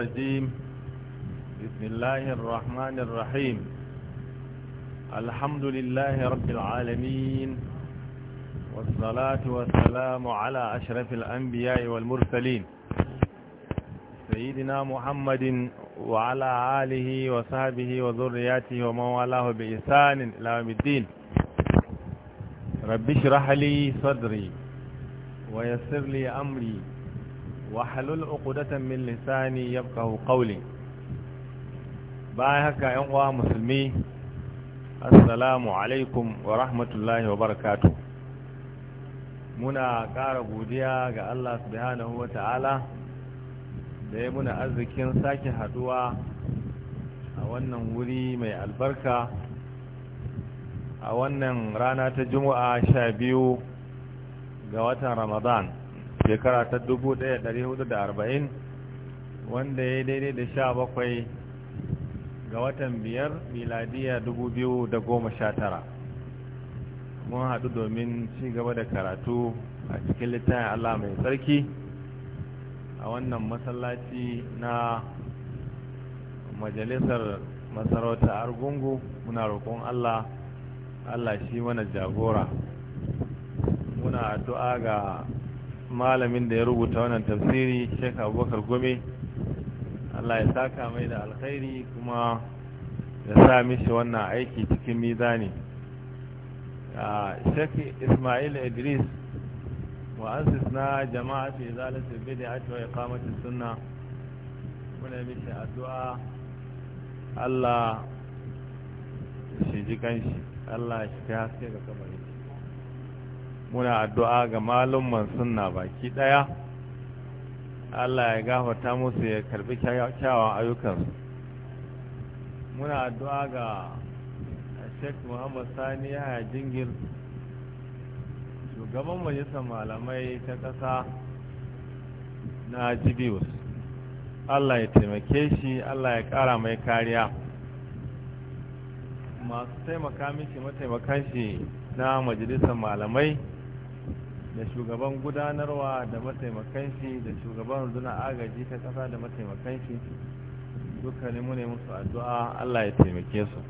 الرجيم بسم الله الرحمن الرحيم الحمد لله رب العالمين والصلاة والسلام على أشرف الأنبياء والمرسلين سيدنا محمد وعلى آله وصحبه وذرياته ومن والاه بإحسان إلى يوم الدين رب اشرح لي صدري ويسر لي أمري wahalul uqdatan min lisani yafqahu qawli bayan haka yan uwa musulmi asalamu alaikum wa rahmatullahi wa barakatuh muna ƙara godiya ga Allah subhanahu wa ta'ala da ya muna arzikin sake haɗuwa a wannan wuri mai albarka a wannan rana ta juma'a sha biyu ga watan ramadan shekara ta da arba'in wanda ya daidai da sha bakwai ga watan biyar miladiya tara, mun haɗu domin ci gaba da karatu a cikin littafin Allah mai tsarki a wannan masallaci na majalisar masarauta argungu muna roƙon Allah Allah shi mana jagora muna addu'a ga malamin da ya rubuta wannan tafsiri sheik abubakar gome allah ya saka mai da alkhairi kuma ya sa mishi wannan aiki cikin mizani ah, sheik ismail idris mu'assis na jama'a ce zalata bid'a wa iqamati sunna muna mishi addu'a allah shi ji kanshi allah shi ta haske ga kamar muna addu'a ga malumman sunna baki ɗaya. Allah ya gafata musu ya karbi kyawawan ayyukansu muna addu'a ga Sheikh Muhammad Sani haya Jingir shugaban majalisar malamai ta ƙasa na Jibius Allah ya taimake shi Allah ya ƙara mai kariya masu taimaka miki mataimakan shi na majalisar malamai da shugaban gudanarwa da mataimakan shi da shugaban rundunar agaji ta kasa da mataimakan shi dukkanin mu ne musu addu'a Allah ya taimake su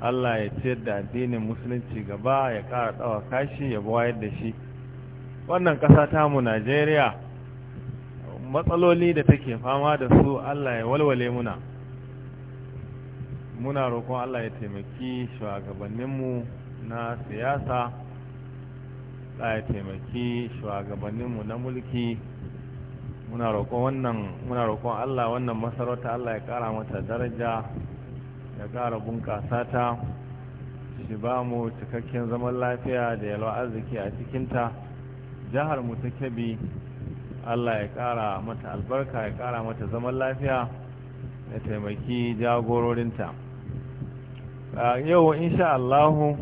Allah ya ciyar da addinin musulunci gaba ya ƙara ɗawa kashi ya bayar da shi wannan kasa ta mu Najeriya matsaloli da take fama da su Allah ya walwale muna muna roƙon Allah ya taimaki shugabanninmu na siyasa Allah ya taimaki shugabanninmu na mulki muna roƙon wannan muna roƙon Allah wannan masarauta Allah ya ƙara mata daraja ya ƙara bunƙasa ta shi ba mu cikakken zaman lafiya da yalwa arziki a cikinta jihar mu ta kebi Allah ya ƙara mata albarka ya ƙara mata zaman lafiya ya taimaki jagororinta yau insha Allahu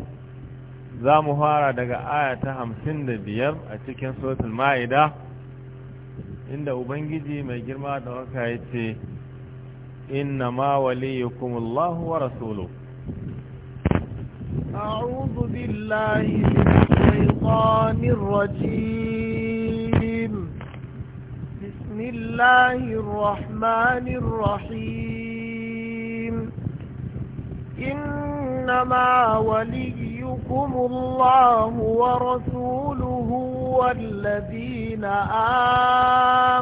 za mu fara daga aya ta hamsin da biyar a cikin suratul ma'ida inda ubangiji mai girma da waka ya ce inna ma waliyukum Allah wa rasulu a'udhu billahi shaitanir rajim bismillahir rahmanir rahim inna ma waliyu. ينهاكم الله ورسوله والذين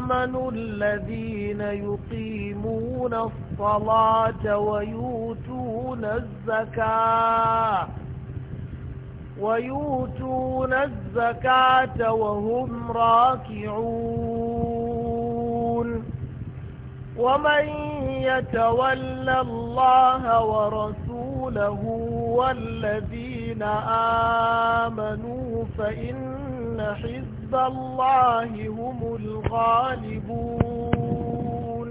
آمنوا الذين يقيمون الصلاة ويؤتون الزكاة ويؤتون الزكاة وهم راكعون ومن يتول الله ورسوله والذين آمنوا فإن حزب الله هم الغالبون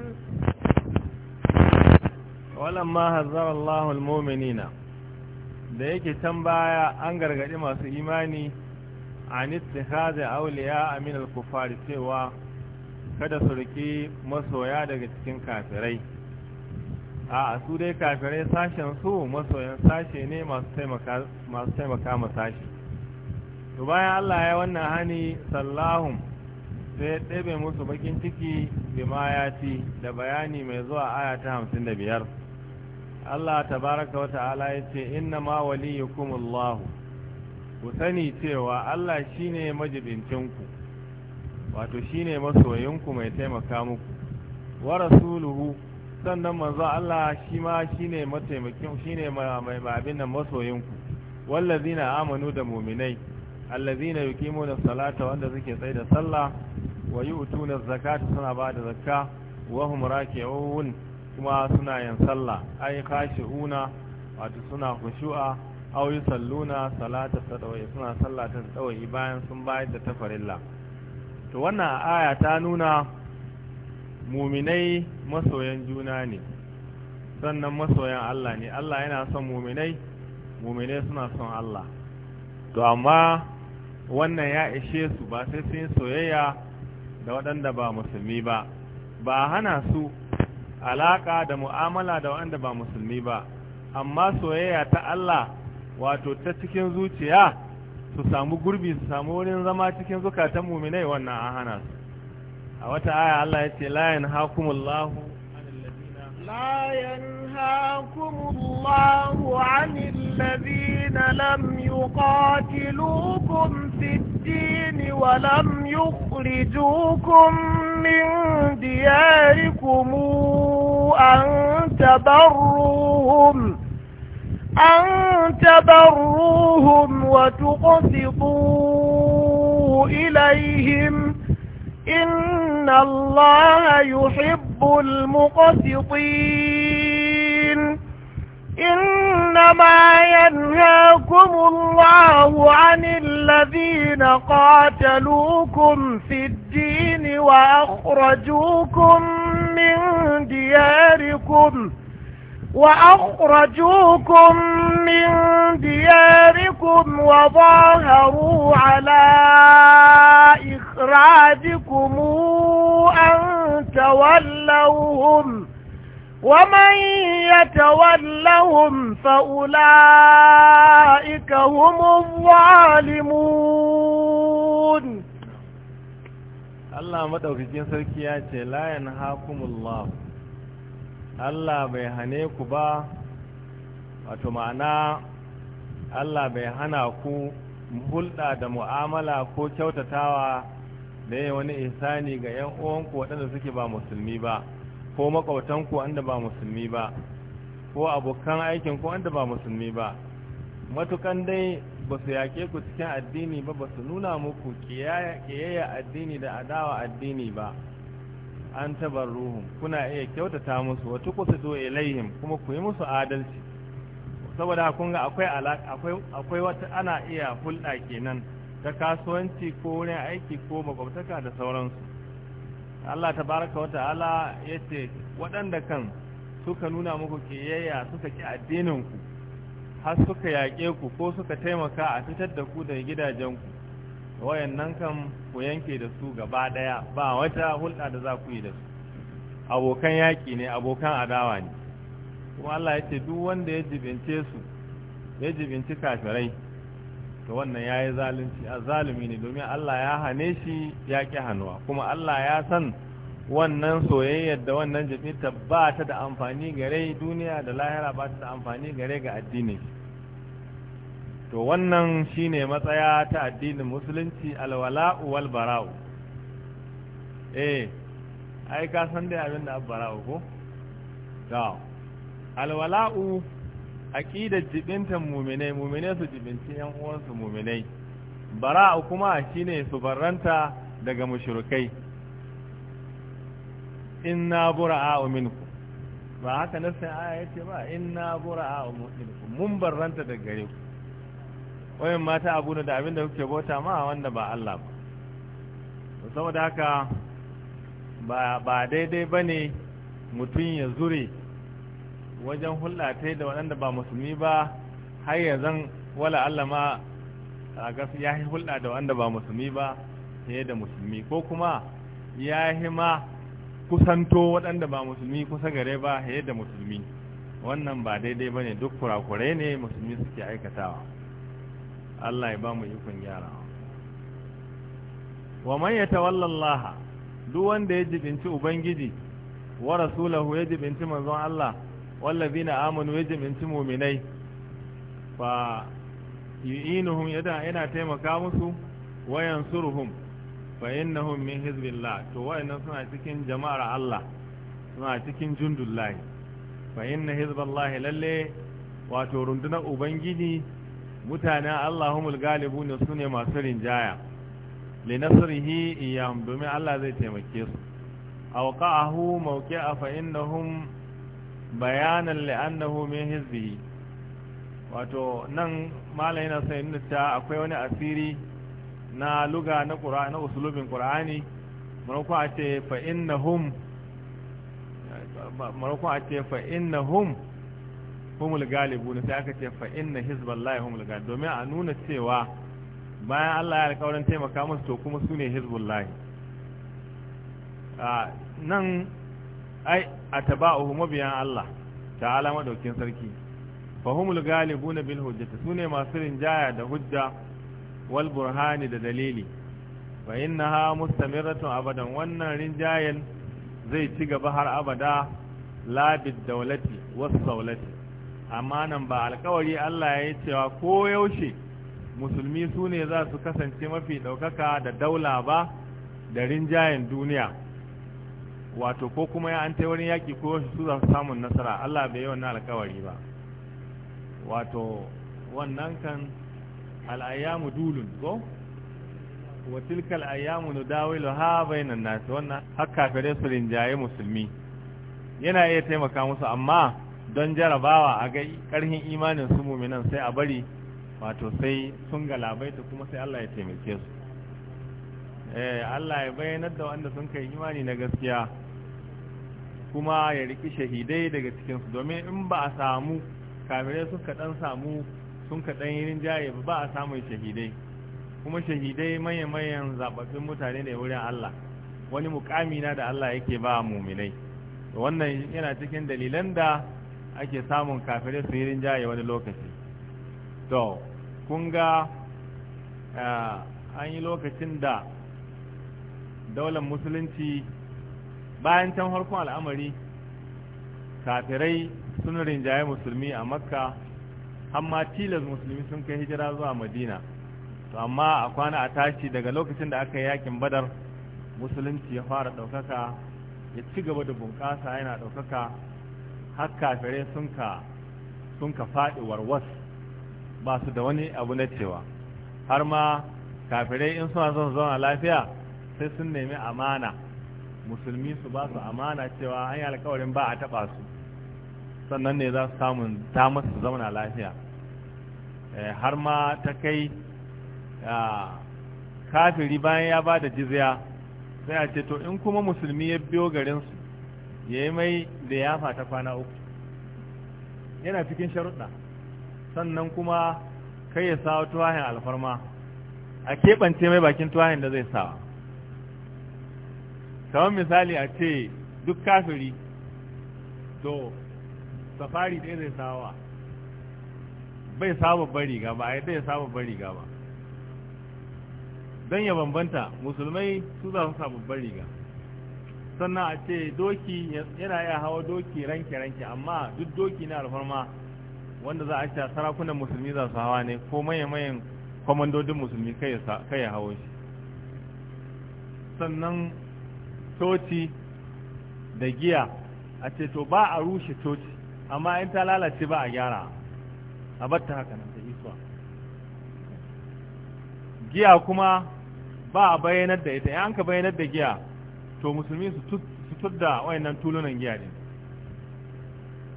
ولما هزر الله المؤمنين ديك yake can baya an سيماني عن اتخاذ أولياء من الكفار سوى kada su riƙe masoya daga cikin kafirai a su dai kafirai sashen su masoyan sashe ne masu taimaka ma sashe to bayan Allah ya wannan hani sallahun, sai ɗebe musu bakin ciki bima ya ci da bayani mai zuwa aya ta hamsin da biyar Allah tabaraka wa ta'ala ya ce inna ma waliyukumullahu ku sani cewa Allah shine majibincinku wato shine masoyinku mai taimaka muku wa rasuluhu sannan manzo Allah shi ma shine mataimakin shine mai babin nan masoyinku wallazina amanu da mu'minai allazina yuqimuna salata wanda suke tsaye da sallah wa yu'tuna zakata suna ba da zakka wa hum raki'un kuma suna yin sallah ai khashi'una wato suna khushu'a aw yusalluna salata tadawi suna sallah ta tadawi bayan sun bayar da tafarilla to wannan aya ta nuna muminai masoyan juna ne sannan masoyan Allah ne Allah yana son muminai muminai suna son Allah to amma wannan ya ishe su ba sai sun soyayya da waɗanda ba musulmi ba ba hana su alaka da mu'amala da waɗanda ba musulmi ba amma soyayya ta Allah wato ta cikin zuciya su samu gurbi su samu wurin zama cikin zukatan muminai wannan an hana su a wata aya Allah ya ce la yanhaakumullahu لا ينهاكم الله عن الذين ولم يخرجوكم من دياركم أن تبروهم أن تبروهم وتقسطوا إليهم إن الله يحب المقسطين إنما ينهاكم الله عن الذين قاتلوكم في الدين وأخرجوكم من دياركم وأخرجوكم من دياركم وظاهروا على إخراجكم أن تولوهم ومن يتولهم فأولئك هم الظالمون الله مدعو في جنسك يا لا ينهاكم الله Allah bai hane ku ba wato ma'ana Allah bai hana ku hulɗa da mu'amala ko kyautatawa da yi wani ihsani ga 'yan uwanku waɗanda suke ba musulmi ba ko makwautanku wanda ba musulmi ba ko abokan aikin ku wanda ba musulmi ba matukan dai ba su yaƙe ku cikin addini ba ba su nuna muku ƙiyayya addini da adawa addini ba an ruhun kuna iya kyautata musu wa tuqsitu ilayhim kuma ku yi musu adalci saboda kun ga akwai akwai wata ana iya hulɗa kenan ta kasuwanci ko wurin aiki ko makwabtaka da sauransu Allah tabaraka ya yace waɗanda kan suka nuna muku kiyayya suka ki addinin ku har suka yaƙe ku ko suka taimaka a fitar da ku daga gidajenku wayannan kan ku yanke da su gaba daya ba wata hulɗa da za ku yi da su abokan yaƙi ne abokan adawa ne kuma Allah ya ce duk wanda ya jibince su ya jibinci kafirai to wannan ya yi zalunci a zalumi ne domin Allah ya hane shi ya ƙi hannuwa kuma Allah ya san wannan soyayyar da wannan jibinta ba ta da amfani gare duniya da lahira ba ta da amfani gare ga addinin shi to wannan shine matsaya ta addinin musulunci alwala'u wal bara'u eh ai ka san dai abin da bara'u ko to alwala'u aqidar jibintan mu'minai mu'minai su jibinci yan uwansu mu'minai bara'u kuma shine su barranta daga mushrikai inna bura'u minku ba haka nasin aya yace ba inna bura'u minku mun barranta daga gare ku wayan mata abu da abin da kuke bauta ma wanda ba Allah ba saboda haka ba daidai ba ne mutum ya zure wajen hulɗa da waɗanda ba musulmi ba har ya zan wala Allah ma a gasu ya yi hulɗa da waɗanda ba musulmi ba fiye da musulmi ko kuma ya yi ma kusanto waɗanda ba musulmi kusa gare ba fiye da musulmi wannan ba daidai ba ne duk kurakurai ne musulmi suke aikatawa Allah ya ba mu ikon gyarawa wa man yatawalla Allah duk wanda ya jibinci ubangiji wa rasulahu ya jibinci manzon Allah wallazina amanu ya jibinci mu'minai fa yu'inuhum yada ina taimaka musu wa yansuruhum fa innahum min hizbillah to wa'annan suna cikin jama'ar Allah suna cikin jundullahi fa inna hizballahi lalle wato rundunar ubangiji Mutane allahumul galibu ne su ne masu rinjaya linasrihi iyam domin allah zai taimake su awqa'ahu mawqi'a fa innahum bayanan li'annahu min hizbihi wato nan malai na sai inda akwai wani asiri na luga na qur'ani na usulubin qur'ani marko a fa innahum humul galibu sai aka ce fa inna hizballahi humul galibu domin a nuna cewa bayan Allah ya alƙawarin taimaka musu to kuma su ne hizbullahi a nan ai a taba'uhu mabiyan Allah ta'ala madaukin sarki fa humul galibu na bil hujjata su masu rinjaya da hujja wal burhani da dalili fa innaha mustamirratun abadan wannan rinjayen zai ci gaba har abada bid daulati was sawlati amma nan ba alkawari Allah ya yi cewa ko yaushe musulmi su ne za su kasance mafi ɗaukaka da daula ba da rinjayen duniya wato ko kuma ya an ta wurin yaƙi ko su za su samun nasara Allah bai yi wannan alkawari ba wato wannan kan al'ayyamu dulun ko wa tilka al'ayyamu dawilu ha bainan nasu wannan har kafirai su rinjaye musulmi yana iya taimaka musu amma don jarabawa a ga ƙarhin imanin su muminan sai a bari wato sai sun galabaita kuma sai Allah ya taimake su eh Allah ya bayyana da wanda sun kai imani na gaskiya kuma ya riki shahidai daga cikin su domin in ba a samu kamirai suka dan samu sun ka dan yirin jaye ba a samun shahidai kuma shahidai manyan-manyan zababbin mutane ne wurin Allah wani mukami na da Allah yake ba muminai wannan yana cikin dalilan da ake samun kafirai su yi rinjaye wani lokaci to kun ga an yi lokacin da daular musulunci bayan can harkon al'amari kafirai sun rinjaye musulmi a makka amma tilas musulmi sun kai hijira zuwa madina to amma a kwana a tashi daga lokacin da aka yi yakin badar musulunci ya fara ɗaukaka ya ci gaba da bunƙasa yana ɗaukaka har kafirai sun ka sun ka faɗi warwas ba su da wani abu na cewa har ma kafirai in suna son zauna lafiya sai sun nemi amana musulmi su ba su amana cewa an yi alkawarin ba a taɓa su sannan ne za su samu damar su zauna lafiya eh, har ma ta kai kafiri bayan ya ba da jizya sai a ce to in kuma musulmi ya biyo garinsu ya yi mai da yafa ta kwana uku yana cikin sharuɗa sannan kuma kai ya sawa tuwahin alfarma a keɓance mai bakin tuwahin da zai sawa kamar misali a ce duk kafiri to safari ɗaya zai sawa bai sawa bari riga ba a yi ɗaya sawa babbar riga ba don ya bambanta musulmai su za su sa babbar riga sannan a ce doki yana iya hawa doki ranke-ranke amma duk doki na alfarma wanda za a ce sarakunan musulmi za su hawa ne ko maye mayan kwamandodin musulmi kai ya hawo shi sannan coci da giya a ce to ba a rushe coci amma in ta lalace ba a gyara a batta haka nan ta isuwa giya kuma ba a bayanar da ita yanka bayyanar da giya to musulmi su tudda wayannan tulunan giya ne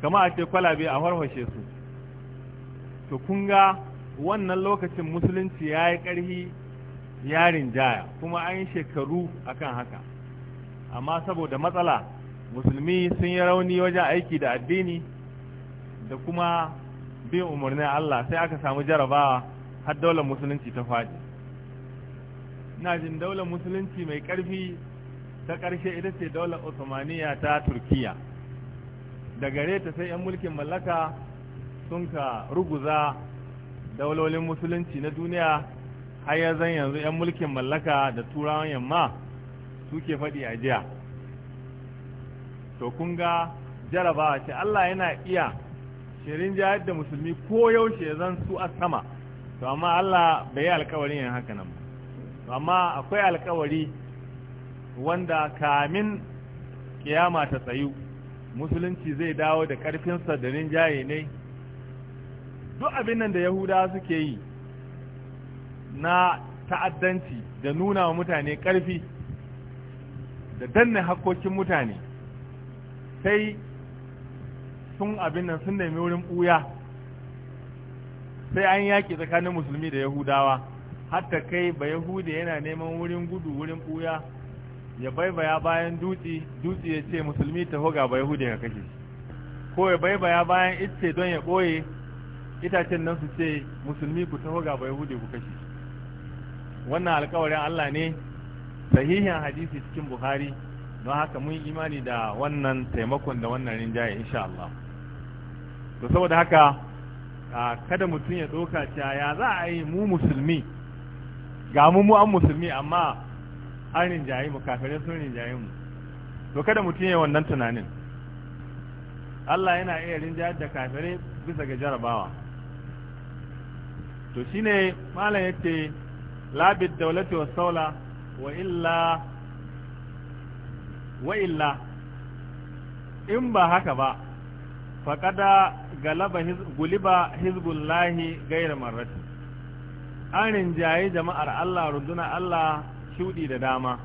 kama a ce kwalabe a farfashe su to kun ga wannan lokacin musulunci ya yi ƙarfi yarin jaya kuma an yi shekaru akan haka amma saboda matsala musulmi sun yi rauni wajen aiki da addini da kuma bin umarnin Allah sai aka samu jarabawa har daular musulunci ta faɗi na jin daular musulunci mai ƙarfi ta ƙarshe ita ce daular Osmaniya ta Turkiya da gare ta sai 'yan mulkin mallaka sun ka ruguza daulolin musulunci na duniya har ya zan yanzu 'yan mulkin mallaka da turawan yamma suke faɗi a jiya to kun ga jaraba ce Allah yana iya shirin jayar da musulmi ko yaushe zan su a sama to amma Allah bai yi alkawarin yin haka nan ba amma akwai alkawari wanda kamin kiyama ta tsayu musulunci zai dawo da ƙarfinsa da rinjaye ne duk abin nan da yahudawa suke yi na ta'addanci da nuna wa mutane ƙarfi da danne hakkokin mutane sai sun abin nan sun nemi wurin ɓuya sai an yaki tsakanin musulmi da yahudawa hatta kai ba yahudi yana neman wurin gudu wurin ɓuya ya baibaya bayan dutse dutse ya ce musulmi ta hoga ba yahudi ka kashe ko ya baibaya bayan itse don ya ɓoye itacen nan su ce musulmi ku ta hoga ba yahudi ku kashe wannan alkawarin Allah ne sahihin hadisi cikin Buhari don haka mun imani da wannan taimakon da wannan rinjaye insha Allah to saboda haka kada mutum ya doka cewa ya za a yi mu musulmi ga mu mu an musulmi amma an rinjaye mu kafirai sun rinjaye mu to kada mutum ya wannan tunanin Allah yana iya rinjayar da kafirai bisa ga jarabawa to shi ne malam yace labid daulati was saula wa illa wa illa in ba haka ba faƙada galaba guliba hizbullahi gairar marrati an rinjaye jama'ar Allah runduna Allah shuɗi da dama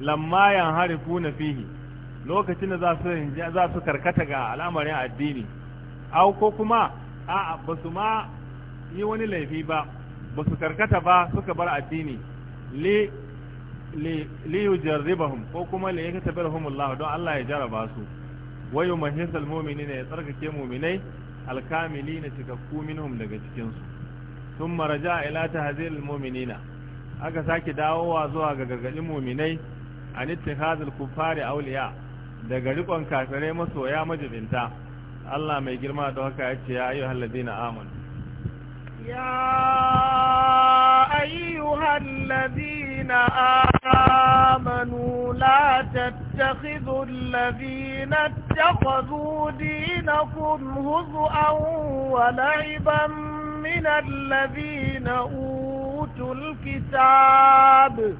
lamma yan harifu na fihi lokacin da za su karkata ga al'amarin addini au ko kuma a ba su ma yi wani laifi ba ba su karkata ba suka bar addini li yujarribahum ko kuma li yaktabirhum Allah don Allah ya jaraba su wayu mahisal mu'minina ya tsarkake mu'minai alkamilina cikakku minhum daga cikinsu su maraja raja'a ila tahziril mu'minina aka sake dawowa zuwa ga gargadin muminai an ittihadul kufari awliya daga rikon kafirai masoya majibinta Allah mai girma da haka ya ce ya ayyuhal ladina amanu ya ayyuhal ladina amanu la tattakhidhu alladhina ittakhadhu dinakum huzwan wa la'iban min alladhina أوتوا الكتاب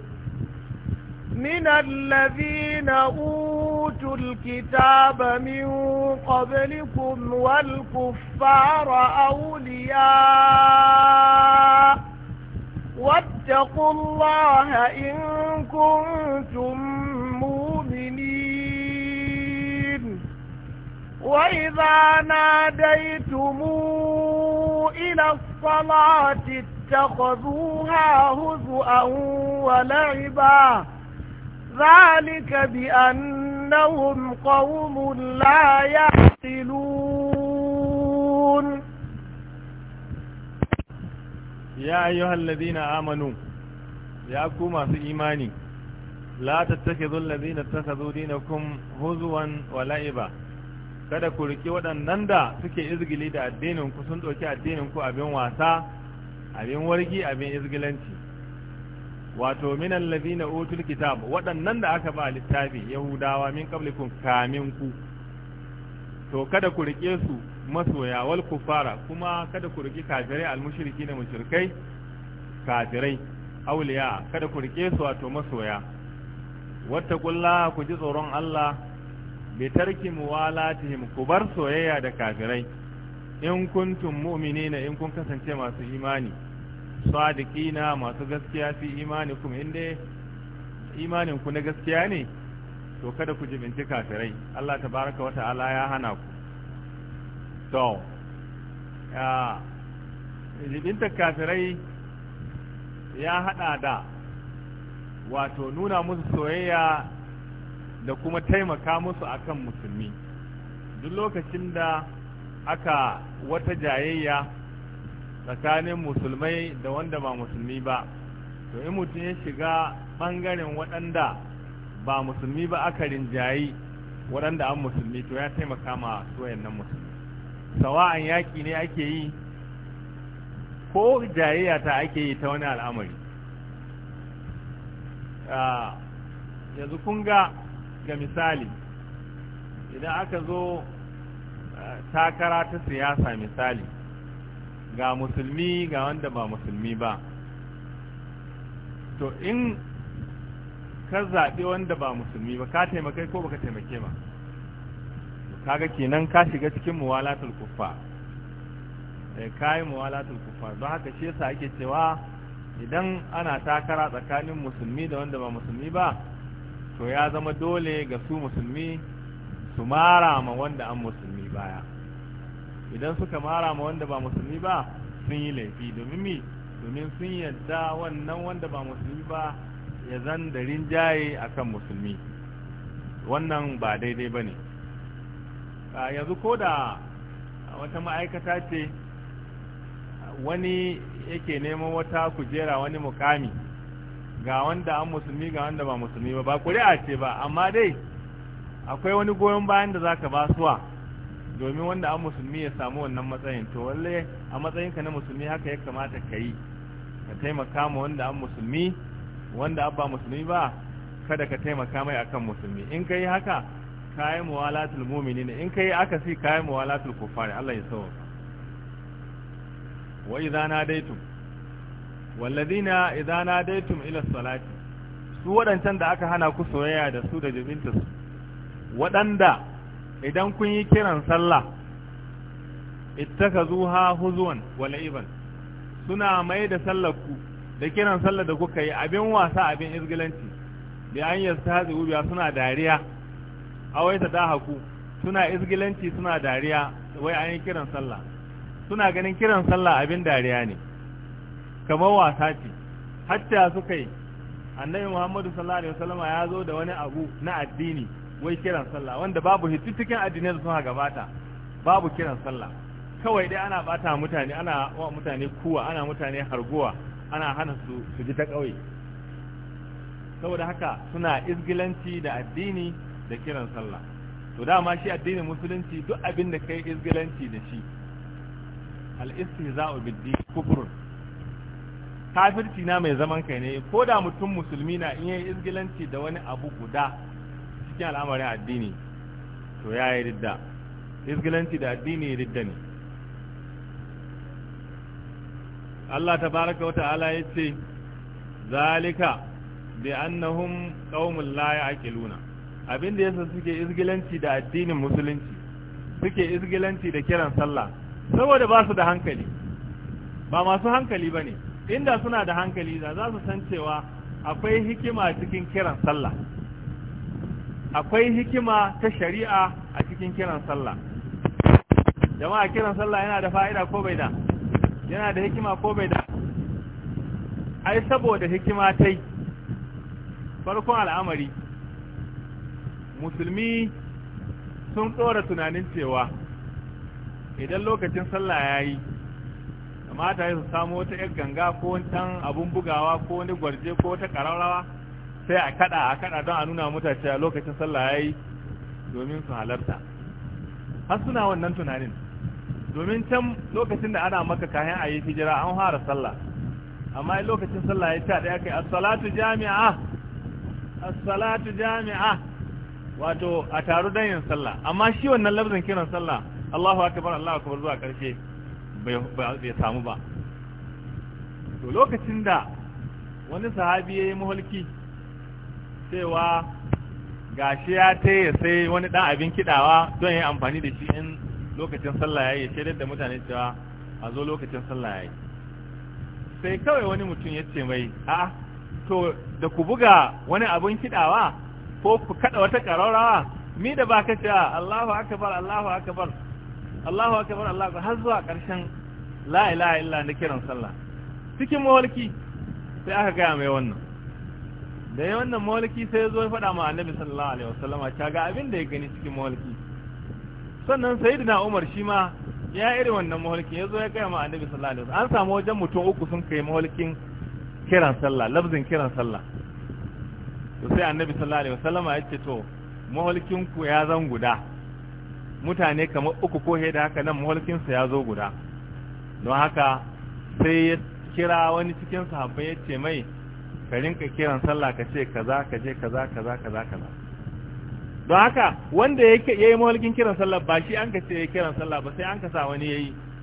من الذين أوتوا الكتاب من قبلكم والكفار أولياء واتقوا الله إن كنتم مؤمنين وإذا ناديتم إلى الصلاة اتخذوها هزؤا ولعبا ذلك بأنهم قوم لا يعقلون يا أيها الذين آمنوا يا كما في إيماني لا تتخذوا الذين اتخذوا دينكم هزوا ولعبا kada ku riki waɗannan da suke izgili da addinin ku sun ɗauki addinin ku abin wasa abin wargi abin izgilanci wato min allazina utul kitab waɗannan da aka ba littafi yahudawa min qablikum kamin ku to kada ku rike su masoya wal kufara kuma kada ku rike kafirai almushriki da mushrikai kafirai auliya kada ku rike su wato masoya wata kulla ku ji tsoron Allah bi tarki muwalatihim ku bar soyayya da kafirai in kuntum mu'minina in kun kasance masu imani sadiqina masu gaskiya fi imaninku inda imaninku ku na gaskiya ne to kada ku jibinci kafirai Allah tabaraka wa ta'ala ya hana ku to ya jibinta kafirai ya hada da wato nuna musu soyayya da kuma taimaka musu akan musulmi duk lokacin da aka wata jayayya tsakanin musulmai da wanda ba musulmi ba to in mutum ya shiga ɓangaren waɗanda ba musulmi ba aka rinjayi waɗanda an musulmi to ya taimaka ma soyan nan musulmi sawa'an yaƙi ne ake yi ko jayayya ta ake yi ta wani al'amari yanzu kun ga ga misali idan aka zo eh, takara ta siyasa misali ga musulmi ga wanda ba musulmi ba to in ka zaɓi wanda ba musulmi ba ka taimakai ko baka taimake ba kaga kenan ka shiga cikin muwalatul kuffar eh kai muwalatul kuffar don haka shi yasa ake cewa idan ana takara tsakanin musulmi da wanda ba musulmi ba to ya zama dole ga su musulmi su mara ma wanda an musulmi baya idan suka mara ma wanda ba musulmi ba sun yi laifi domin mi domin sun yadda wannan wanda ba musulmi ba ya zan da rinjaye akan musulmi wannan ba daidai ba ne yanzu ko da wata ma'aikata ce wani yake neman wata kujera wani mukami ga wanda an musulmi ga wanda ba musulmi ba ba kuri'a ce ba amma dai akwai wani goyon bayan da zaka basuwa domin wanda an musulmi ya samu wannan matsayin to walle a matsayinka na musulmi haka ya kamata ka yi ka taimaka ma wanda an musulmi wanda ba musulmi ba kada ka taimaka mai akan musulmi in ka yi haka ka kayi muwalatul ne in ka yi akasi kayi muwalatul kufari Allah ya sauka wa idza nadaitum walladhina idza nadaitum ila salati su wadancan da aka hana ku soyayya da su da jibinta su waɗanda. idan kun yi kiran sallah ittakazuha huzwan wa iban. suna mai da sallar ku da kiran sallar da kuka yi abin wasa abin izgilanci da an yastahzi biya suna dariya A ta daha haku suna izgilanci suna dariya wai an yi kiran sallah suna ganin kiran sallah abin dariya ne kamar wasa ce hatta suka yi annabi Muhammadu sallallahu alaihi wasallama ya zo da wani abu na addini wai kiran sallah wanda babu cikin addinai da suka gabata babu kiran sallah kawai dai ana bata mutane ana wa mutane kuwa ana mutane harguwa ana hana su su ji ta kauye saboda haka suna izgilanci da addini da kiran sallah to dama shi addinin musulunci duk abin da kai izgilanci da shi al-istihza'u biddi kufr kafirci na mai zaman kai ne ko da mutum musulmi na in yayi izgilanci da wani abu guda cikin al'amarin addini to ya yi ridda izgilanci da addini ridda ne Allah Ta baraka wata ala ya ce zalika bi annahum qaumun la luna, abinda yasa suke izgilanci da addinin musulunci suke izgilanci da kiran sallah saboda ba su da hankali ba masu hankali bane inda suna da hankali za su san cewa akwai hikima cikin kiran sallah akwai hikima ta shari'a a cikin kiran sallah jama'a kiran sallah yana da fa'ida ko bai da yana da hikima ko bai da ai saboda hikima ta yi farkon al'amari musulmi sun tsora tunanin cewa idan lokacin sallah ya yi kamata su samu wata 'yar ganga ko wani abun bugawa ko wani gwarje ko wata ƙararrawa sai a kada a kada don a nuna mutace a lokacin sallah yayi domin su halarta har suna wannan tunanin domin can lokacin da ana maka kayan ayi hijira an fara sallah amma lokacin sallah yayi ta daya kai as-salatu jami'a as-salatu jami'a wato a taru dan yin sallah amma shi wannan lafzin kiran sallah Allahu akbar Allahu akbar zuwa karshe bai samu ba to lokacin da wani sahabi yayi muhalki cewa gashi ya ya sai wani dan abin kidawa don ya amfani da shi in lokacin sallah yayi shaidar da mutane cewa a zo lokacin sallah yayi sai kawai wani mutum ya ce mai a to da ku buga wani abin kidawa ko ku kada wata kararrawa mi da ba ka cewa Allahu akbar Allahu akbar Allahu akbar Allahu har zuwa karshen la ilaha illa na kiran sallah cikin mawalki sai aka gaya mai wannan da ya wannan mawalki sai ya zo ya faɗa ma annabi sallallahu alaihi wasallama ta ga abin da ya gani cikin mawalki sannan sayyidina umar shi ma ya iri wannan mawalki ya zo ya gaya ma annabi sallallahu alaihi wasallam an samu wajen mutum uku sun kai mawalkin kiran sallah lafzin kiran sallah to sai annabi sallallahu alaihi wasallama ya ce to mawalkin ku ya zan guda mutane kamar uku ko da haka nan mawalkin sa ya zo guda don haka sai ya kira wani cikin sahabbai ya ce mai ka rinka kiran sallah ka ce kaza ka je kaza kaza kaza kaza don haka wanda ya yi mawalkin kiran sallah ba shi an ka ce yayi kiran sallah ba sai an ka sa wani ya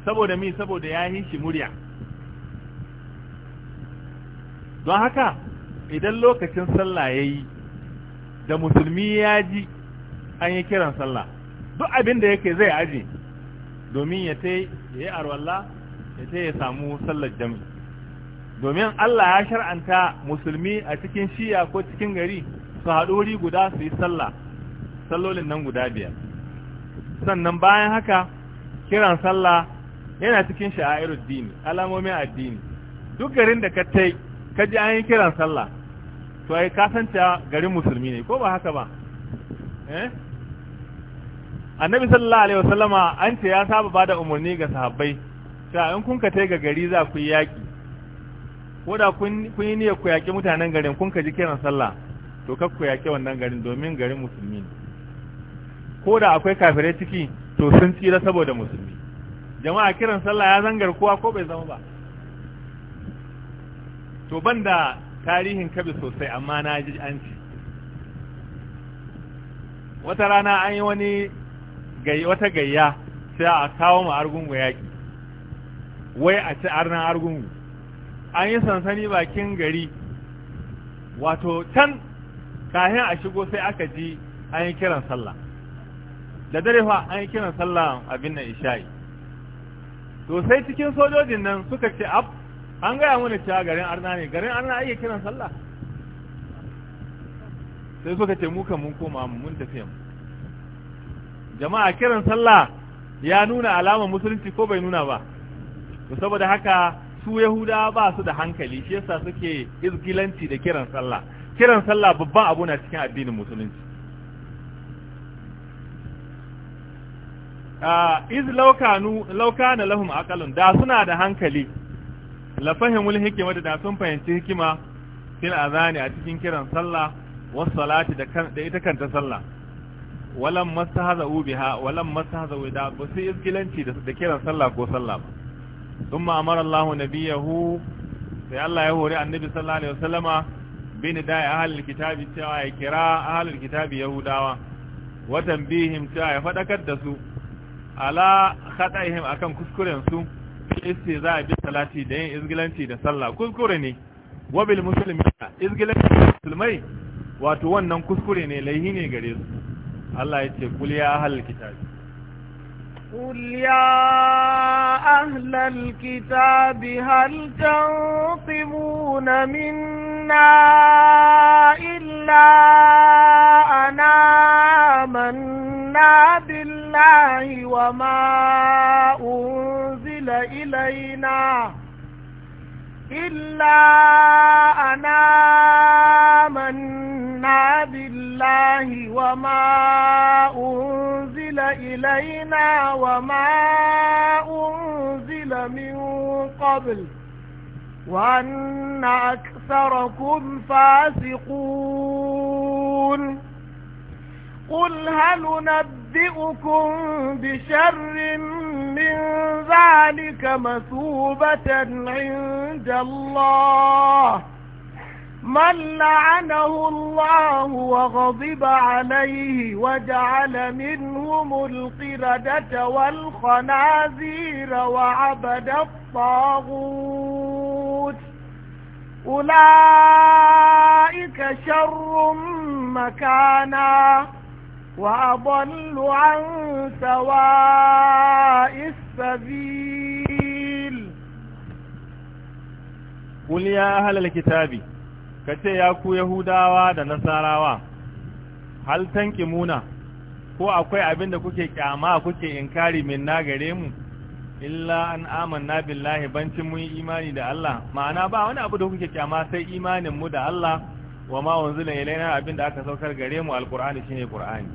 saboda mi saboda ya yi shi murya don haka idan lokacin sallah yayi da musulmi ya ji an yi kiran sallah duk abin da yake zai aji domin ya ta yi arwallah ya ta ya samu sallar jami'a domin Allah ya shar'anta musulmi a cikin shiya ko cikin gari su haɗu wuri guda su yi sallah sallolin nan guda biyar sannan bayan haka kiran sallah yana cikin sha'airu dini alamomin addini duk garin da ka tai ka ji an yi kiran sallah to ai ka cewa garin musulmi ne ko ba haka ba eh annabi sallallahu alaihi wasallama an ce ya saba bada umarni ga sahabbai cewa in kun ka tai ga gari za ku yi yaki ko da kun yi niyyar ku mutanen garin kun ka ji kiran sallah to kar ku wannan garin domin garin musulmi ne ko da akwai kafirai ciki to sun tsira saboda musulmi jama'a kiran sallah ya zangar kowa ko bai zama ba to ban da tarihin kabi sosai amma na ji an ci wata rana an yi wani wata gayya sai a kawo ma argungu yaƙi wai a ci arnan argungu an yi sansani bakin gari wato can kahin a shigo sai aka ji an yi kiran sallah da dare fa an yi kiran sallah abin nan isha'i to sai cikin sojojin nan suka ce ab an gaya mana cewa garin arna ne garin arna ake kiran sallah sai suka ce muka mun koma mun tafi mu jama'a kiran sallah ya nuna alamar musulunci ko bai nuna ba to saboda haka su yahudawa ba su da hankali shi yasa suke izgilanci da kiran sallah kiran sallah babban abu na cikin addinin musulunci ah, iz laukanu laukana lahum aqalun da suna da hankali la fahimul hikima da sun fahimci hikima fil azani a cikin kiran sallah was salati da kan da ita kanta sallah walam mastahza biha walam mastahza da ba su izgilanci da kiran sallah ko sallah ba ثم أمر الله نبيه sai Allah ya hori annabi sallallahu alaihi wasallama bin da ya ahlul kitabi cewa ya kira ahlul kitabi yahudawa wa tanbihim cewa ya fadakar da su ala khataihim akan kuskuren su istiza bi salati da yin izgilanci da sallah kuskure ne wa bil muslimina izgilanci da musulmai wato wannan kuskure ne laihi ne gare su Allah ya ce kul ya ahlul kitabi قل يا أهل الكتاب هل تنقمون منا إلا أنا آمنا بالله وما أنزل إلينا إلا أنا آمنا بالله وما أنزل إلينا إلينا وما أنزل من قبل وأن أكثركم فاسقون قل هل نبئكم بشر من ذلك مثوبة عند الله ؟ من لعنه الله وغضب عليه وجعل منهم القردة والخنازير وعبد الطاغوت أولئك شر مكانا وأضل عن سواء السبيل قل يا أهل الكتاب ka ce ya ku yahudawa da nasarawa hal tanki muna ko akwai abin da kuke kyama kuke inkari min na gare mu illa an amanna billahi bancin mun imani da Allah ma'ana ba wani abu da kuke kyama sai imanin mu da Allah wa ma unzila ilaina abin da aka saukar gare mu alqur'ani shine qur'ani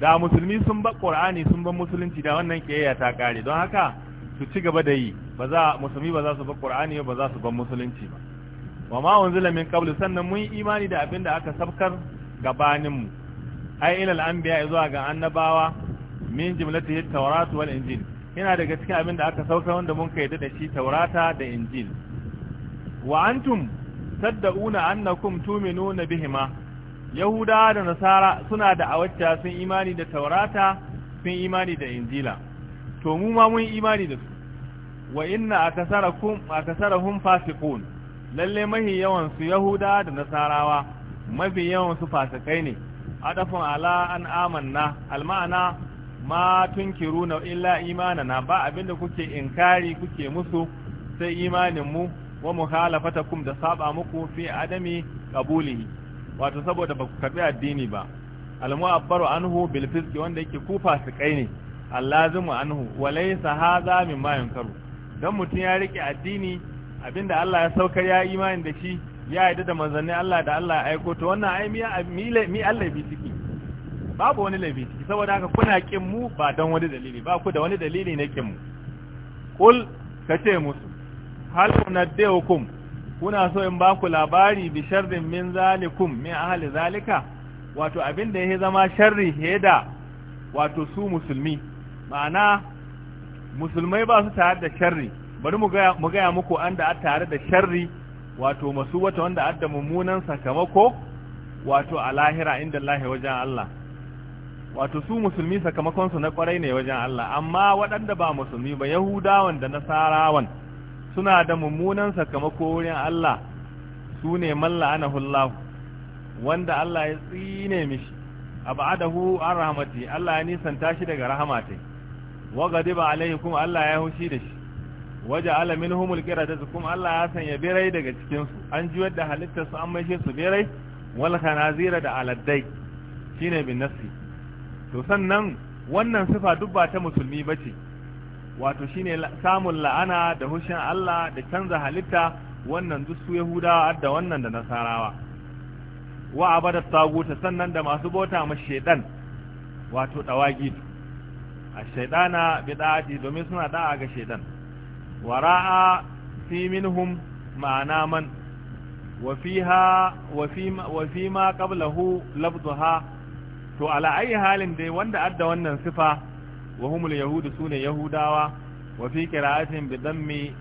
da musulmi sun ba qur'ani sun ba musulunci da wannan kiyaya ta kare don haka su ci gaba da yi ba za musulmi ba za su ba qur'ani ba za su ba musulunci ba wa ma unzila min qablu sannan mun yi imani da abin da aka sabkar gabanin mu ai ila al-anbiya zuwa ga annabawa min jumlatihi tauratu wal injil yana daga cikin abin da aka saukar wanda mun kai da shi taurata da injil wa antum sadda'una annakum tu'minuna bihima yahuda da nasara suna da awacca sun imani da taurata sun imani da injila to mu ma mun imani da su wa inna akasarakum akasarahum fasiqun lalle mahi yawan su yahuda da nasarawa mafi yawan su fasikai ne adafin ala an amanna alma'ana ma tunkiru na illa imana na ba abinda kuke inkari kuke musu sai imanin mu wa kum da saba muku fi adami qabulihi wato saboda ba ku karbi addini ba almu'abbaru anhu bil fiski wanda yake ku fasikai ne allazimu anhu walaysa hadha mimma yankaru dan mutun ya rike addini abinda Allah ya saukar ya imani da shi ya yi da manzanni Allah da Allah ya aiko to wannan ai mi mi Allah bi ciki babu wani laifi ciki saboda haka kuna kin mu ba don wani dalili ba ku da wani dalili na kin mu kul kace musu hal unaddukum kuna so in ba ku labari bi sharrin min zalikum min ahli zalika wato abinda yake zama sharri heda wato su musulmi ma'ana musulmai ba su tare da sharri bari mu gaya muku an da tare da sharri wato masu wata wanda adda mummunan sakamako wato a lahira inda lahi wajen Allah wato su musulmi sakamakonsu na kwarai ne wajen Allah amma waɗanda ba musulmi ba yahudawan da nasarawan suna da mummunan sakamako wurin Allah su ne malla hullahu wanda Allah ya tsine mishi abadahu an rahmati Allah ya nisan shi daga rahamati wa gadiba alaihi kuma Allah ya hushi da shi waje alamin humul kira ta su kuma Allah ya sanya birai daga cikinsu an ji wadda halittar su an maishe su birai wal khanazira da aladdai shine bin nafsi to sannan wannan sifa duk ba ta musulmi bace wato shine samun la'ana da hushin Allah da canza halitta wannan duk su yahudawa adda wannan da nasarawa wa abada taguta sannan da masu bota ma shedan wato dawagi a shaidana bida'ati domin suna da'a ga shaidan wara'a fi minhum ma'ana man وفيها وفيما, وفيما قبله لفظها to ala ayi halin دي wanda adda wannan sifa وهم اليهود yahudu sune yahudawa wa بضم qira'atin bi عبد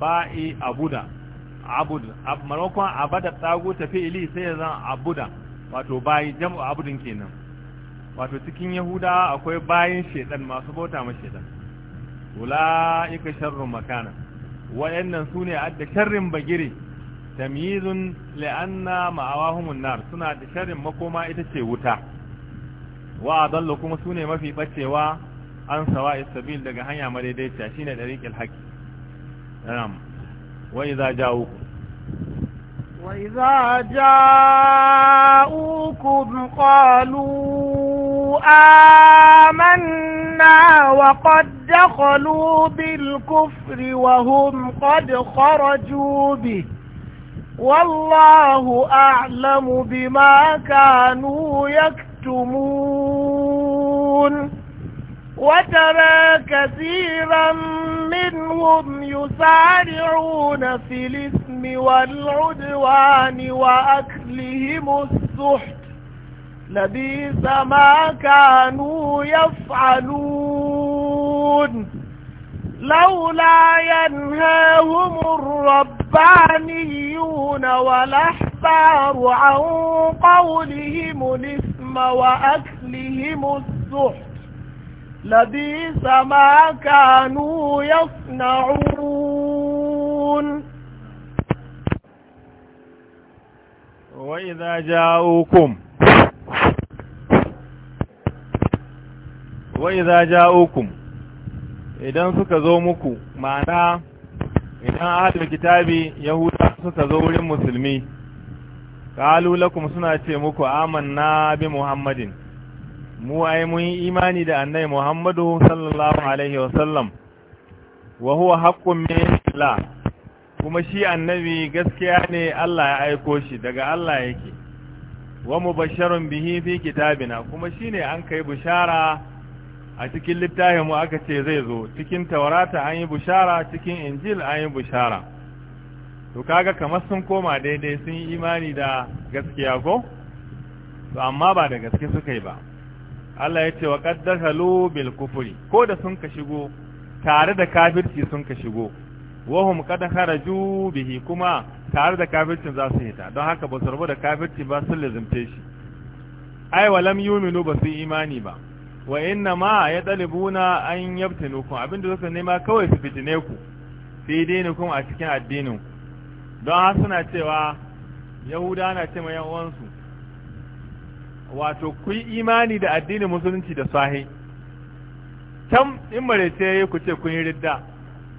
ba'i abuda abud marokon abada tagu ta fi'ili sai abuda wato bayi jam'u abudin kenan wato cikin yahudawa akwai bayin shedan masu bauta ma ula'ika sharrun makana wayannan su ne adda sharrin bagire tamyizun li'anna ma'awahumun nar suna da sharrin makoma ita ce wuta wa adallu kuma su ne mafi bacewa an sawa isabil daga hanya madaidaita shine dariqil haqq na'am wa idza ja'uku wa idza ja'ukum qalu آمنا وقد دخلوا بالكفر وهم قد خرجوا به والله أعلم بما كانوا يكتمون وترى كثيرا منهم يسارعون في الإثم والعدوان وأكلهم السحت لبيث ما كانوا يفعلون لولا ينهاهم الربانيون والأحبار عن قولهم الإثم وأكلهم السحت لبيث ما كانوا يصنعون وإذا جاءوكم wa iza ja'ukum idan suka zo muku ma'ana idan ahlul kitabi yahuda suka zo wurin musulmi qalu lakum suna ce muku amanna bi muhammadin mu ai mun imani da annabi muhammadu sallallahu alaihi wasallam wa huwa haqqun min Allah kuma shi annabi gaskiya ne Allah ya aiko shi daga Allah yake wa mubashsharun bihi fi kitabina kuma shine an kai bishara a cikin littafin mu aka ce zai zo cikin taurata an yi bushara cikin injil an yi bushara to kaga kamar sun koma daidai sun yi imani da gaskiya ko to amma ba da gaske suka yi ba Allah ya ce wa qaddasalu bil kufri ko da sun ka shigo tare da kafirci sun ka shigo wahum qad kharaju bihi kuma tare da kafircin za su hita don haka ba su rabu da kafirci ba sun lazimce shi ai lam yuminu ba su imani ba wa inna ma ya ɗalibuna an nukun abinda suka nema kawai su fitine ku fi dinukun a cikin addinin don ha suna cewa yahuda na ce mai uwansu wato ku yi imani da addinin musulunci da sahi can in marece ku ce kun yi ridda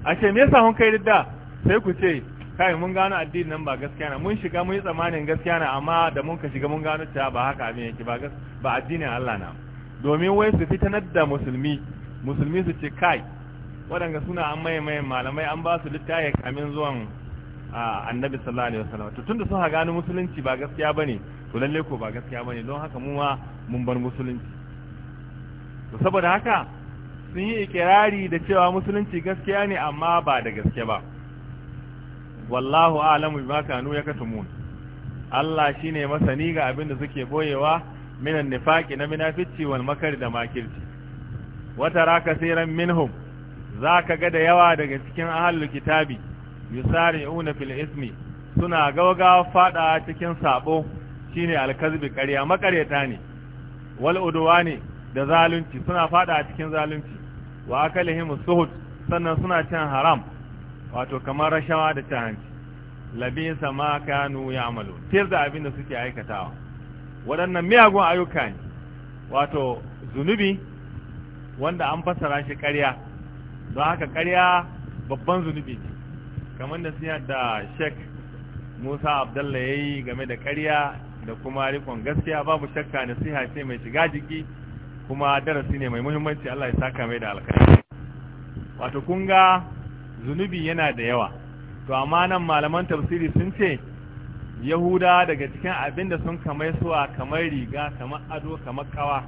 a ce me yasa kun kai ridda sai ku ce kai mun gano addinin nan ba gaskiya na mun shiga mun yi tsamanin gaskiya na amma da mun ka shiga mun gano cewa ba haka abin yake ba addinin Allah na domin wai su fitanar da musulmi musulmi su ce kai waɗanda suna an maye malamai an ba su littaye kamin zuwan annabi sallallahu alaihi wasallam to tunda sun gano musulunci ba gaskiya bane to lalle ko ba gaskiya bane don haka mu ma mun bar musulunci to saboda haka sun yi ikirari da cewa musulunci gaskiya ne amma ba da gaske ba wallahu a'lamu bima kanu yakatumun Allah shine masani ga abin da suke boyewa minan nifaqi na munafici wal makar da makirci wata raka siran minhum zaka ga da yawa daga cikin ahlul kitabi yusari'una fil ismi suna gaugawa fada cikin sabo shine alkazbi ƙarya makaryata ne wal udwani da zalunci suna fada cikin zalunci wa akalihim suhud sannan suna cin haram wato kamar rashawa da cin hanci labisa ma kanu ya'malu tirda da suke aikatawa waɗannan miyagun ayyuka ne wato zunubi wanda an fassara shi ƙarya don haka ƙarya babban zunubi ne kamar da sun da shek musa abdalla ya yi game da ƙarya da kuma rikon gaskiya babu shakka siha ce mai shiga jiki kuma darasi ne mai muhimmanci Allah ya saka mai da alkhairi wato kunga zunubi yana da yawa to amma nan malaman tafsiri sun ce yahuda daga cikin abin da sun kamai suwa kamar riga kamar ado kamar kawa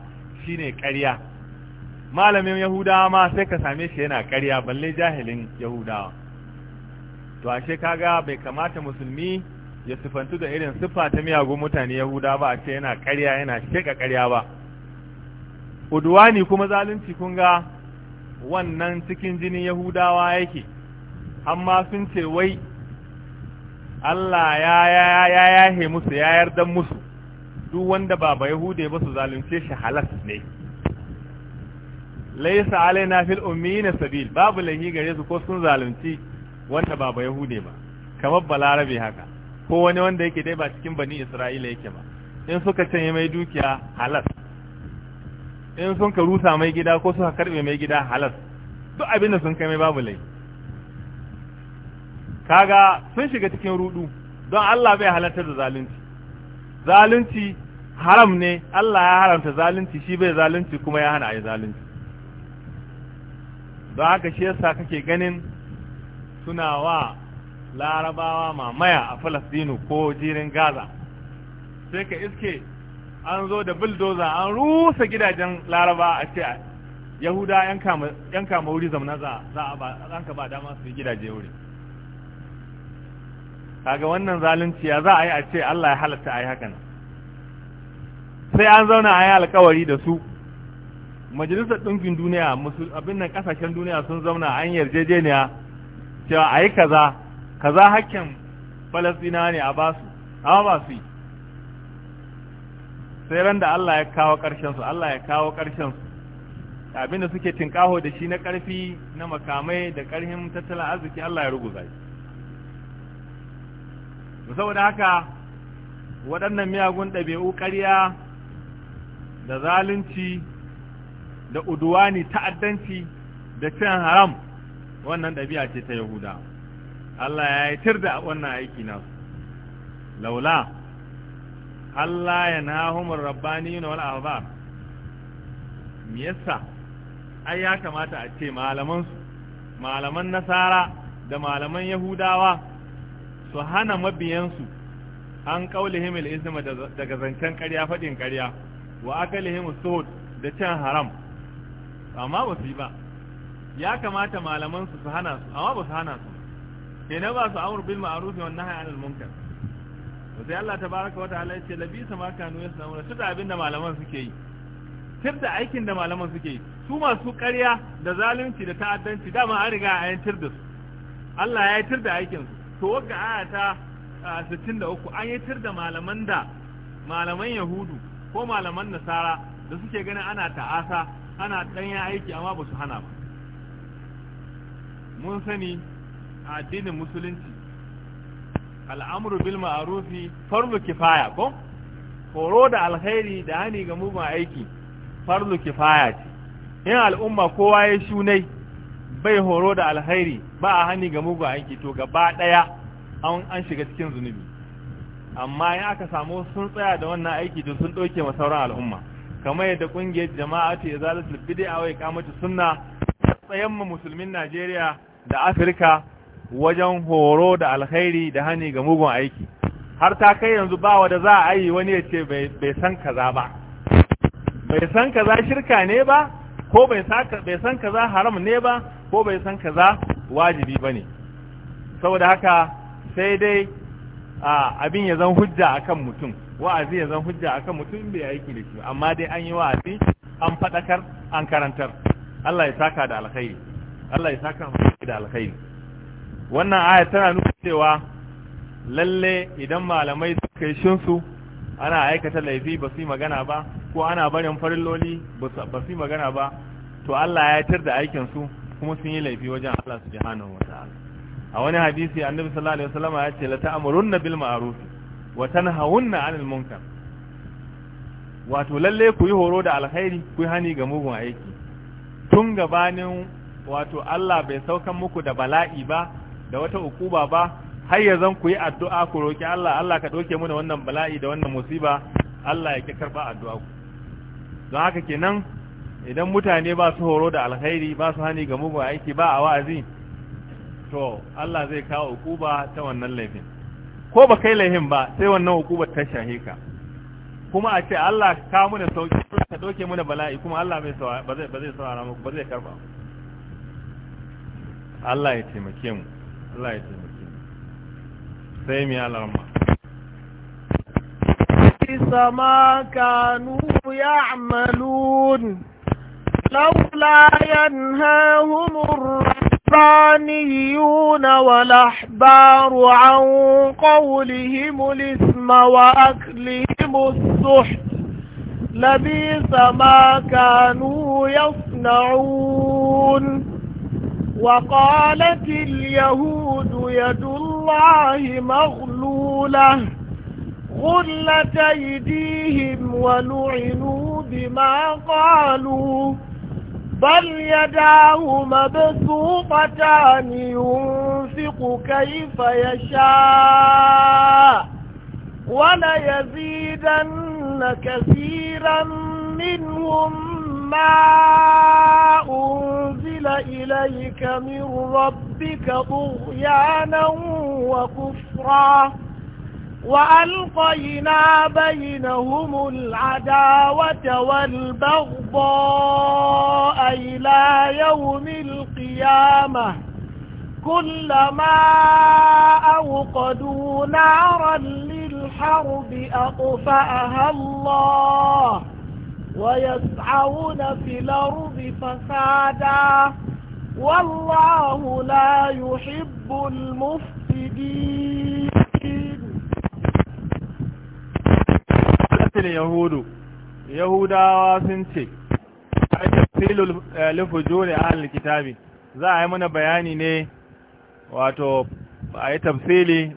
shine ƙarya malamin Yahuda ma sai ka same shi yana ƙarya balle jahilin yahudawa to ashe kaga bai kamata musulmi ya sifantu da irin siffa ta miyagu mutane yahuda ba ashe yana ƙarya yana sheka ƙarya ba uduwani kuma zalunci kun ga wannan cikin jinin yahudawa yake amma sun ce wai Allah ya ya ya yahe musu ya yarda musu duk wanda ba ba yahude ba su zalunce shi halas ne laysa alaina fil ummiyina sabil babu lahi gare su ko sun zalunci wanda ba ba yahude ba kamar balarabe haka ko wani wanda yake dai ba cikin bani isra'ila yake ba in suka canye mai dukiya halas in sun ka rusa mai gida ko suka karbe mai gida halas duk abin da sun kai mai babu laifi kaga sun shiga cikin rudu don Allah bai halartar da zalunci zalunci haram ne Allah ya haramta zalunci shi bai zalunci kuma ya hana a yi zalunci don haka shi yasa kake ganin suna wa larabawa mamaya a falastinu ko jirin gaza sai ka iske an zo da bildoza an rusa gidajen laraba a ce yahuda yan kama wuri zamana za a ba dama su yi gidaje wuri kaga wannan zalunci ya za a yi a ce Allah ya halatta a yi hakan sai an zauna a yi alkawari da su majalisar ɗinkin duniya abin nan ƙasashen duniya sun zauna an yarjejeniya cewa a yi kaza kaza hakkin falasina ne a basu amma ba su yi sai ran da Allah ya kawo ƙarshensu Allah ya kawo ƙarshensu abin suke tinkaho da shi na ƙarfi na makamai da ƙarfin tattalin arziki Allah ya ruguza shi saboda haka waɗannan miyagun ɗabi'u ƙarya da zalunci da uduwani ta'addanci da cin haram wannan ɗabi'a ce ta yahuda Allah ya yi tir da wannan aiki nasu laula Allah ya nahumar rabbani na wal ba. me yasa ai ya kamata a ce malamansu, malaman nasara da malaman yahudawa su hana mabiyansu an qaulihim al-isma daga zancen ƙarya fadin ƙarya wa akalihim as-sud da cin haram amma ba su yi ba ya kamata malaman su su hana su amma ba su hana su na ba su amur bil ma'ruf wa nahy anil munkar sai Allah tabaaraka wa ta'ala yace labisa ma kanu yasnauna su da abinda malaman suke yi tir da aikin da malaman suke yi su masu ƙarya da zalunci da ta'addanci dama an riga a yantar da su Allah ya yi tir da aikin su to ga ayata 63 an yi tur da malaman da malaman yahudu ko malaman nasara da suke ganin ana ta'asa ana ɗanyen aiki amma ba su hana ba mun sani addinin musulunci al'amuru bil ma'arufi farlu kifaya ko horo da alkhairi da hani ga mugun aiki farlu kifaya ce yin al'umma kowa ya shunai bai horo da alhairi ba a hani ga mugun aiki to gaba daya an shiga cikin zunubi amma in aka samu sun tsaya da wannan aiki don sun doke wa sauran al'umma kamar yadda kungiyar jama'atu izalatul a wai kamata sunna tsayan mu musulmin Najeriya da Afirka wajen horo da alkhairi da hani ga mugun aiki har ta kai yanzu ba wanda za a yi wani ya ce bai san kaza ba bai san kaza shirka ne ba ko bai san kaza haram ne ba ko bai san kaza wajibi ba ne saboda haka sai dai abin ya zan hujja akan mutum wa'azi ya zan hujja akan mutum bai aiki da shi amma dai an yi wa'azi an faɗakar an karantar Allah ya saka da alkhairi Allah ya saka da alkhairi wannan aya tana nuna cewa lalle idan malamai suka yi shinsu ana aikata laifi ba su yi magana ba ko ana barin loli ba su magana ba to Allah ya tar da aikin su kuma sun yi laifi wajen Allah Su wa Ta'ala. a wani hadisi annabi sallallahu alaihi wasallam ya ce la ta'murunna bil ma'ruf wa na 'anil munkar wato lalle ku yi horo da alkhairi ku yi hani ga mugun aiki tun gabanin wato Allah bai saukan muku da bala'i ba da wata ukuba ba har ya zan ku yi addu'a ku roki Allah Allah ka doke mu da wannan bala'i da wannan musiba Allah ya ki karba addu'a ku don haka kenan idan mutane ba su horo da alkhairi ba su hani ga mugun aiki ba a wa'azi to Allah zai kawo hukuba ta wannan laifin ko ba kai laifin ba sai wannan ukubar ta shahe ka kuma a ce Allah ka mu da sauki ka doke mu da bala'i kuma Allah bai ba zai ba zai saurara muku ba zai karba Allah ya taimake mu Allah ya taimake mu sai mu ya alarma بئس ما كانوا يعملون لولا ينهاهم الربانيون والأحبار عن قولهم الإثم وأكلهم السحت لبئس ما كانوا يصنعون وقالت اليهود يد الله مغلوله غلت أيديهم ولعنوا بما قالوا بل يداه مبسوطتان ينفق كيف يشاء وليزيدن كثيرا منهم ما أنزل إليك من ربك طغيانا وكفرا وألقينا بينهم العداوة والبغضاء إلى يوم القيامة كلما أوقدوا نارا للحرب أطفأها الله ويسعون في الأرض فسادا والله لا يحب المفسدين katil yahudu yahudawa sun ce ai tafsilul eh, lifujuri ahlul kitabi za a yi mana bayani ne wato a yi tafsili